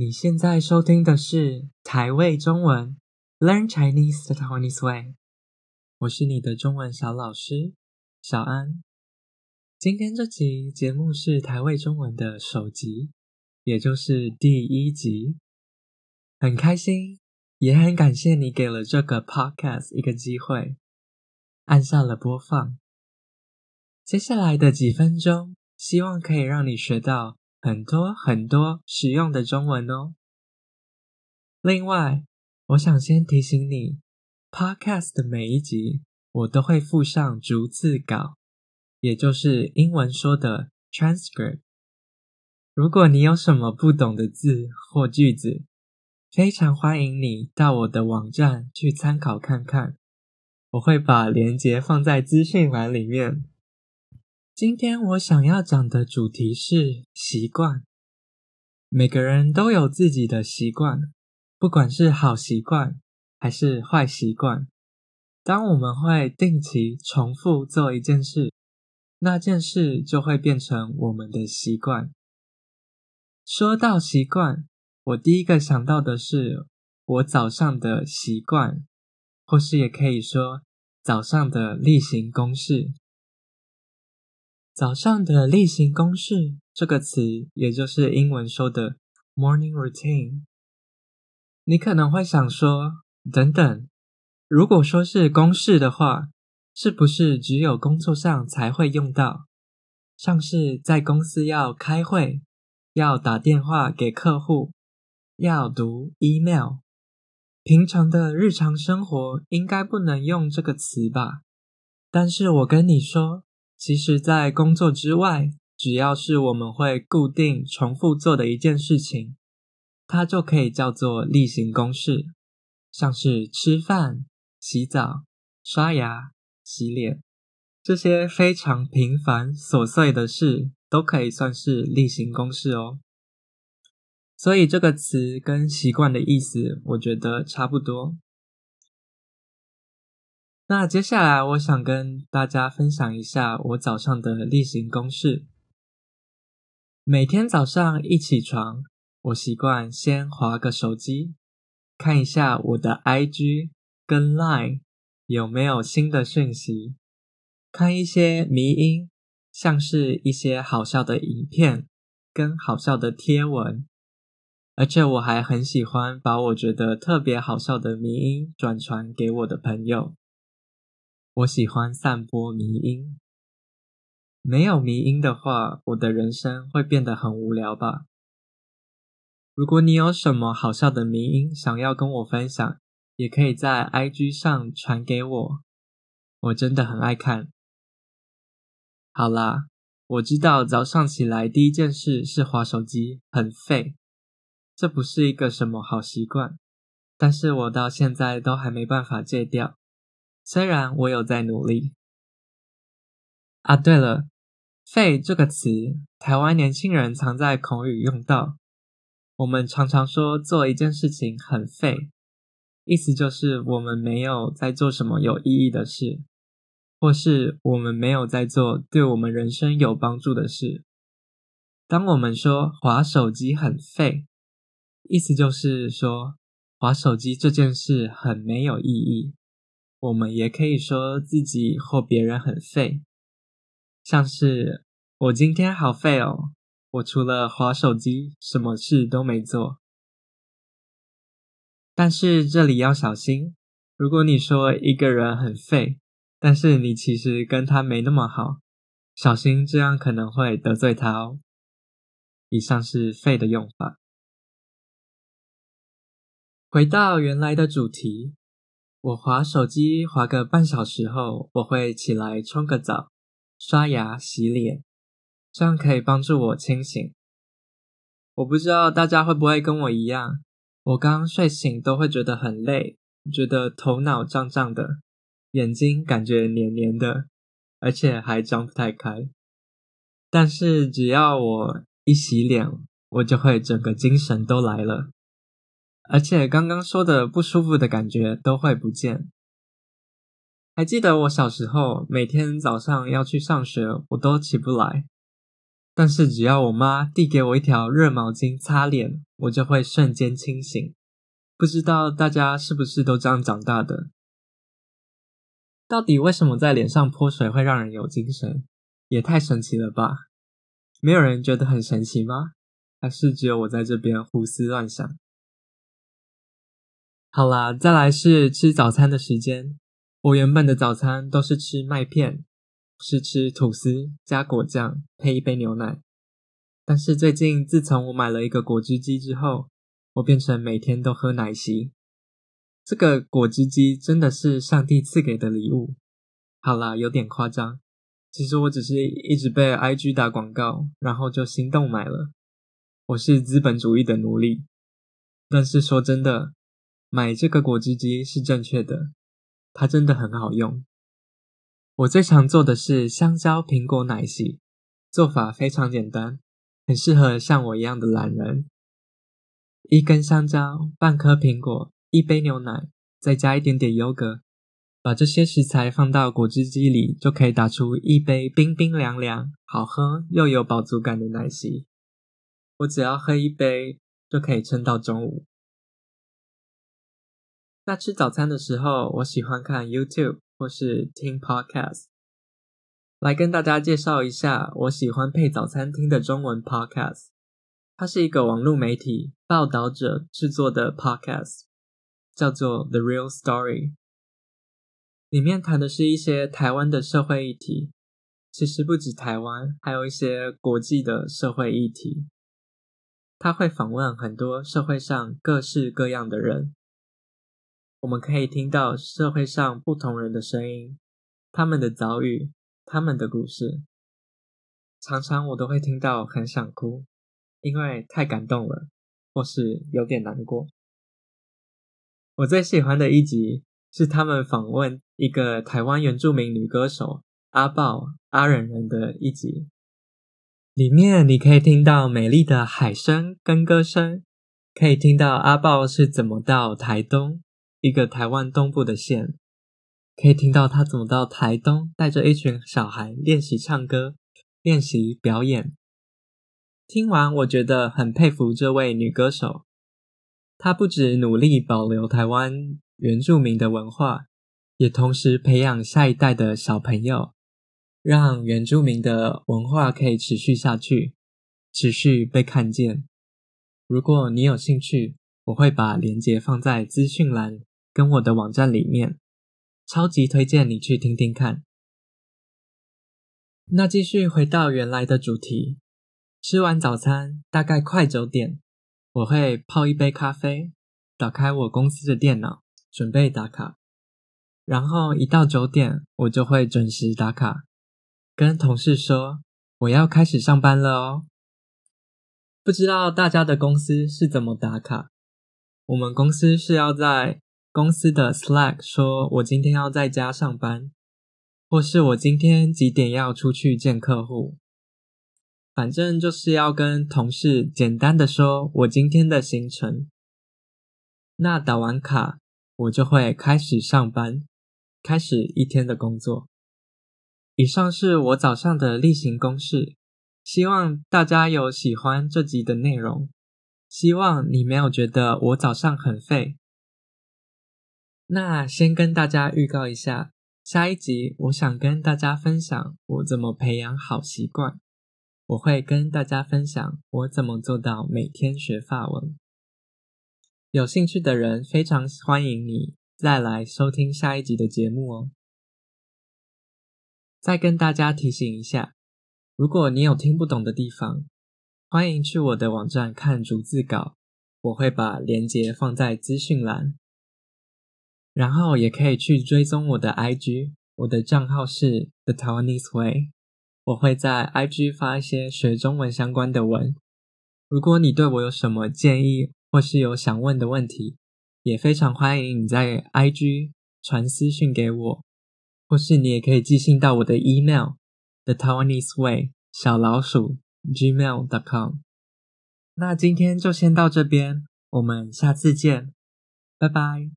你現在收聽的是台味中文 Learn Chinese the Taiwanese way，我是你的中文小老師，小安。今天這集節目是台味中文的首集，也就是第一集。很開心，也很感謝你給了這個 podcast 一個機會，按下了播放。接下來的幾分鐘，希望可以讓你學到。很多很多實用的中文哦。另外，我想先提醒你，Podcast 的每一集我都會附上逐字稿，也就是英文說的 transcript。如果你有什麼不懂的字或句子，非常歡迎你到我的網站去參考看看，我會把鏈接放在資訊欄裡面。今天我想要講的主題是習慣。每個人都有自己的習慣，不管是好習慣還是壞習慣。當我們會定期重複做一件事，那件事就會變成我們的習慣。說到習慣，我第一個想到的是我早上的習慣，或是也可以說早上的例行公事。早上的例行公事這個詞，也就是英文說的 morning routine。你可能會想說，等等，如果說是公事的話，是不是只有工作上才會用到？像是在公司要開會，要打電話給客戶，要讀 email。平常的日常生活應該不能用這個詞吧？但是我跟你說，其實，在工作之外，只要是我們會固定、重複做的一件事情，它就可以叫做例行公事。像是吃飯、洗澡、刷牙、洗臉這些非常平凡瑣碎的事，都可以算是例行公事哦。所以，這個詞跟習慣的意思，我覺得差不多。那接下來我想跟大家分享一下我早上的例行公事。每天早上一起床，我習慣先滑個手機，看一下我的 IG 跟 Line 有沒有新的訊息，看一些迷因，像是一些好笑的影片跟好笑的貼文。而且我還很喜歡把我覺得特別好笑的迷因轉傳給我的朋友。我喜歡散播迷因，沒有迷因的話，我的人生會變得很無聊吧。如果你有什麼好笑的迷因想要跟我分享，也可以在 IG 上傳給我，我真的很愛看。好啦，我知道早上起來第一件事是滑手機，很廢，這不是一個什麼好習慣，但是我到現在都還沒辦法戒掉。雖然我有在努力啊，對了，“廢這個詞，台灣年輕人常在口語用到。我們常常說做一件事情很廢，意思就是我們沒有在做什麼有意義的事，或是我們沒有在做對我們人生有幫助的事。當我們說滑手機很廢，意思就是說滑手機這件事很沒有意義。我們也可以說自己或別人很廢，像是我今天好廢哦，我除了滑手機，什麼事都沒做。但是這裡要小心，如果你說一個人很廢，但是你其實跟他沒那麼好，小心這樣可能會得罪他哦。以上是廢的用法。回到原來的主題。我滑手機滑個半小時後，我會起來沖個澡、刷牙、洗臉，這樣可以幫助我清醒。我不知道大家會不會跟我一樣，我剛剛睡醒都會覺得很累，覺得頭腦脹脹的，眼睛感覺黏黏的，而且還張不太開。但是只要我一洗臉，我就會整個精神都來了。而且剛剛說的不舒服的感覺都會不見。還記得我小時候每天早上要去上學，我都起不來。但是只要我媽遞給我一條熱毛巾擦臉，我就會瞬間清醒。不知道大家是不是都這樣長大的？到底為什麼在臉上潑水會讓人有精神？也太神奇了吧！沒有人覺得很神奇嗎？還是只有我在這邊胡思亂想？好啦，再來是吃早餐的時間。我原本的早餐都是吃麥片，是吃吐司加果醬配一杯牛奶。但是最近，自從我買了一個果汁機之後，我變成每天都喝奶昔。這個果汁機真的是上帝賜給的禮物。好啦，有點誇張。其實我只是一直被 IG 打廣告，然後就心動買了。我是資本主義的奴隸。但是說真的。買這個果汁機是正確的，它真的很好用。我最常做的是香蕉蘋果奶昔，做法非常簡單，很適合像我一樣的懶人。一根香蕉，半顆蘋果，一杯牛奶，再加一點點優格，把這些食材放到果汁機裡，就可以打出一杯冰冰涼涼、好喝又有飽足感的奶昔。我只要喝一杯，就可以撐到中午。在吃早餐的時候，我喜歡看 YouTube 或是聽 Podcast。來跟大家介紹一下，我喜歡配早餐聽的中文 Podcast。它是一個網絡媒體報導者制作的 Podcast，叫做《The Real Story》，裡面談的是一些台灣的社會議題，其實不止台灣，還有一些國際的社會議題。它會訪問很多社會上各式各樣的人。我們可以聽到社會上不同人的聲音，他們的遭遇，他們的故事。常常我都會聽到很想哭，因為太感動了，或是有點難過。我最喜歡的一集是他們訪問一個台灣原住民女歌手阿豹阿忍人的一集，裡面你可以聽到美麗的海聲跟歌聲，可以聽到阿豹是怎麼到台東。一個台灣東部的縣，可以聽到他走到台東，帶着一群小孩練習唱歌，練習表演。聽完，我覺得很佩服這位女歌手。她不止努力保留台灣原住民的文化，也同時培養下一代的小朋友，讓原住民的文化可以持續下去，持續被看見。如果你有興趣，我會把連結放在資訊欄。跟我的網站裡面超級推薦你去聽聽看。那繼續回到原來的主題，吃完早餐大概快九點，我會泡一杯咖啡，打開我公司的電腦，準備打卡。然後一到九點，我就會準時打卡，跟同事說我要開始上班了哦。不知道大家的公司是怎麼打卡？我們公司是要在。公司的 Slack 說：“我今天要在家上班，或是我今天幾點要出去見客戶，反正就是要跟同事簡單的說我今天的行程。那打完卡，我就會開始上班，開始一天的工作。以上是我早上的例行公事。希望大家有喜歡這集的內容，希望你沒有覺得我早上很廢。”那先跟大家預告一下，下一集我想跟大家分享我怎麼培養好習慣。我會跟大家分享我怎麼做到每天學法文。有興趣的人非常歡迎你再來收聽下一集的節目哦。再跟大家提醒一下，如果你有聽不懂的地方，歡迎去我的網站看逐字稿，我會把連結放在資訊欄。然後也可以去追蹤我的 IG，我的賬號是 The Taiwanese Way。我會在 IG 發一些學中文相關的文。如果你對我有什麼建議，或是有想問的問題，也非常歡迎你在 IG 傳私訊給我，或是你也可以寄信到我的 email thetaiwaneseway 小老鼠 gmail.com。那今天就先到這邊，我們下次見，拜拜。